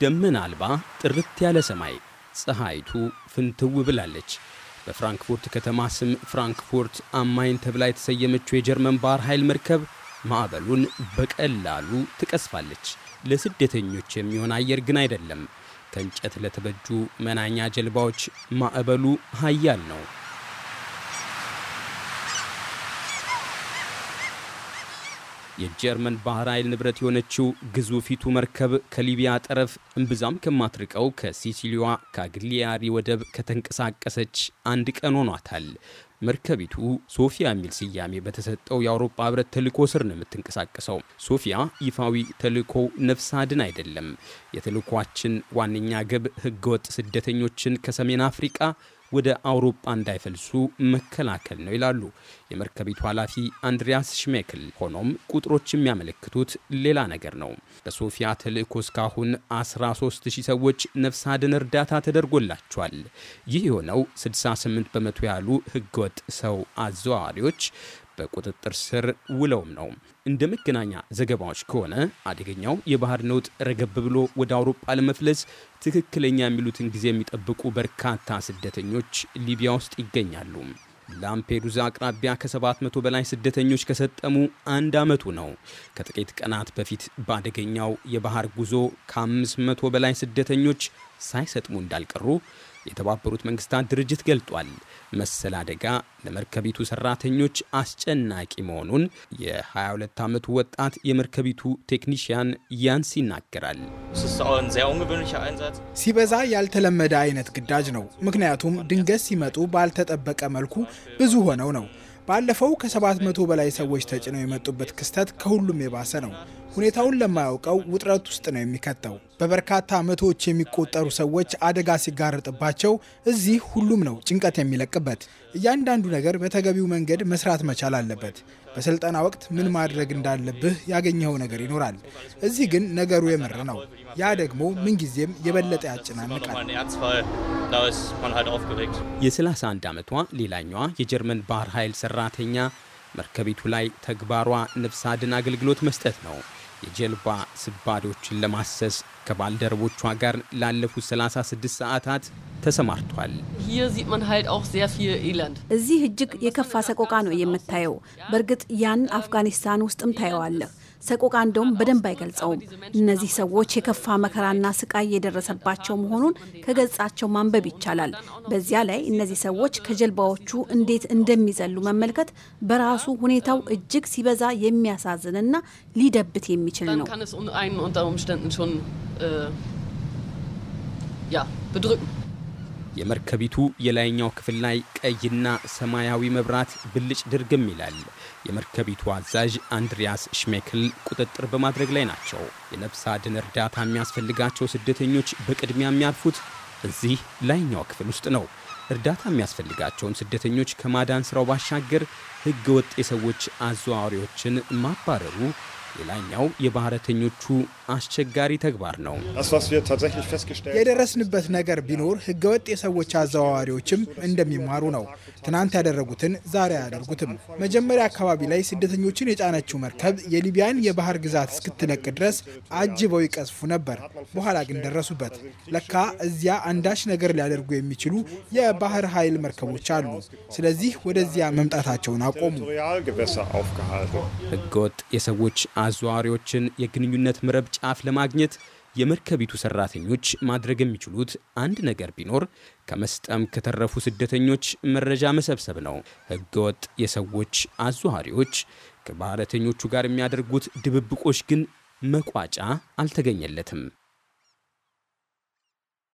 ደመና አልባ ጥርት ያለ ሰማይ፣ ፀሐይቱ ፍንትው ብላለች። በፍራንክፉርት ከተማ ስም ፍራንክፉርት አማይን ተብላ የተሰየመችው የጀርመን ባህር ኃይል መርከብ ማዕበሉን በቀላሉ ትቀስፋለች። ለስደተኞች የሚሆን አየር ግን አይደለም። ከእንጨት ለተበጁ መናኛ ጀልባዎች ማዕበሉ ኃያል ነው። የጀርመን ባህር ኃይል ንብረት የሆነችው ግዙፊቱ መርከብ ከሊቢያ ጠረፍ እምብዛም ከማትርቀው ከሲሲሊዋ ካግሊያሪ ወደብ ከተንቀሳቀሰች አንድ ቀን ሆኗታል። መርከቢቱ ሶፊያ የሚል ስያሜ በተሰጠው የአውሮፓ ህብረት ተልእኮ ስር ነው የምትንቀሳቀሰው። ሶፊያ ይፋዊ ተልእኮ ነፍስ አድን አይደለም። የተልእኳችን ዋነኛ ግብ ህገወጥ ስደተኞችን ከሰሜን አፍሪቃ ወደ አውሮፓ እንዳይፈልሱ መከላከል ነው ይላሉ የመርከቢቱ ኃላፊ አንድሪያስ ሽሜክል። ሆኖም ቁጥሮች የሚያመለክቱት ሌላ ነገር ነው። በሶፊያ ተልእኮ እስካሁን 13 ሰዎች ነፍስ አድን እርዳታ ተደርጎላቸዋል። ይህ የሆነው 68 በመቶ ያሉ ህገወጥ ሰው አዘዋዋሪዎች በቁጥጥር ስር ውለውም ነው። እንደ መገናኛ ዘገባዎች ከሆነ አደገኛው የባህር ነውጥ ረገብ ብሎ ወደ አውሮፓ ለመፍለስ ትክክለኛ የሚሉትን ጊዜ የሚጠብቁ በርካታ ስደተኞች ሊቢያ ውስጥ ይገኛሉ። ላምፔዱዛ አቅራቢያ ከ700 በላይ ስደተኞች ከሰጠሙ አንድ ዓመቱ ነው። ከጥቂት ቀናት በፊት በአደገኛው የባህር ጉዞ ከ500 በላይ ስደተኞች ሳይሰጥሙ እንዳልቀሩ የተባበሩት መንግስታት ድርጅት ገልጧል። መሰል አደጋ ለመርከቢቱ ሰራተኞች አስጨናቂ መሆኑን የ22 ዓመቱ ወጣት የመርከቢቱ ቴክኒሽያን ያንስ ይናገራል። ሲበዛ ያልተለመደ አይነት ግዳጅ ነው። ምክንያቱም ድንገት ሲመጡ ባልተጠበቀ መልኩ ብዙ ሆነው ነው። ባለፈው ከ700 በላይ ሰዎች ተጭነው የመጡበት ክስተት ከሁሉም የባሰ ነው። ሁኔታውን ለማያውቀው ውጥረት ውስጥ ነው የሚከተው። በበርካታ መቶዎች የሚቆጠሩ ሰዎች አደጋ ሲጋረጥባቸው እዚህ ሁሉም ነው ጭንቀት የሚለቅበት። እያንዳንዱ ነገር በተገቢው መንገድ መስራት መቻል አለበት። በስልጠና ወቅት ምን ማድረግ እንዳለብህ ያገኘኸው ነገር ይኖራል። እዚህ ግን ነገሩ የምር ነው። ያ ደግሞ ምንጊዜም የበለጠ ያጨናንቃል። የ31 ዓመቷ ሌላኛዋ የጀርመን ባህር ኃይል ሰራተኛ መርከቢቱ ላይ ተግባሯ ነፍስ አድን አገልግሎት መስጠት ነው። የጀልባ ስባዶችን ለማሰስ ከባልደረቦቿ ጋር ላለፉት 36 ሰዓታት ተሰማርቷል። እዚህ እጅግ የከፋ ሰቆቃ ነው የምታየው። በእርግጥ ያን አፍጋኒስታን ውስጥም ታየዋለህ። ሰቆቃ እንደውም በደንብ አይገልጸውም። እነዚህ ሰዎች የከፋ መከራና ስቃይ የደረሰባቸው መሆኑን ከገጻቸው ማንበብ ይቻላል። በዚያ ላይ እነዚህ ሰዎች ከጀልባዎቹ እንዴት እንደሚዘሉ መመልከት በራሱ ሁኔታው እጅግ ሲበዛ የሚያሳዝንና ሊደብት የሚችል ነው። የመርከቢቱ የላይኛው ክፍል ላይ ቀይና ሰማያዊ መብራት ብልጭ ድርግም ይላል። የመርከቢቱ አዛዥ አንድሪያስ ሽሜክል ቁጥጥር በማድረግ ላይ ናቸው። የነፍስ አድን እርዳታ የሚያስፈልጋቸው ስደተኞች በቅድሚያ የሚያርፉት እዚህ ላይኛው ክፍል ውስጥ ነው። እርዳታ የሚያስፈልጋቸውን ስደተኞች ከማዳን ሥራው ባሻገር ህገ ወጥ የሰዎች አዘዋዋሪዎችን ማባረሩ የላይኛው የባህረተኞቹ አስቸጋሪ ተግባር ነው። የደረስንበት ነገር ቢኖር ህገወጥ የሰዎች አዘዋዋሪዎችም እንደሚማሩ ነው። ትናንት ያደረጉትን ዛሬ አያደርጉትም። መጀመሪያ አካባቢ ላይ ስደተኞችን የጫነችው መርከብ የሊቢያን የባህር ግዛት እስክትለቅ ድረስ አጅበው ይቀዝፉ ነበር። በኋላ ግን ደረሱበት። ለካ እዚያ አንዳች ነገር ሊያደርጉ የሚችሉ የባህር ኃይል መርከቦች አሉ። ስለዚህ ወደዚያ መምጣታቸውን አቆሙ። ህገወጥ የሰዎች አዘዋዋሪዎችን የግንኙነት መረብ ጫፍ ለማግኘት የመርከቢቱ ሰራተኞች ማድረግ የሚችሉት አንድ ነገር ቢኖር ከመስጠም ከተረፉ ስደተኞች መረጃ መሰብሰብ ነው። ህገወጥ የሰዎች አዘዋሪዎች ከባህረተኞቹ ጋር የሚያደርጉት ድብብቆች ግን መቋጫ አልተገኘለትም።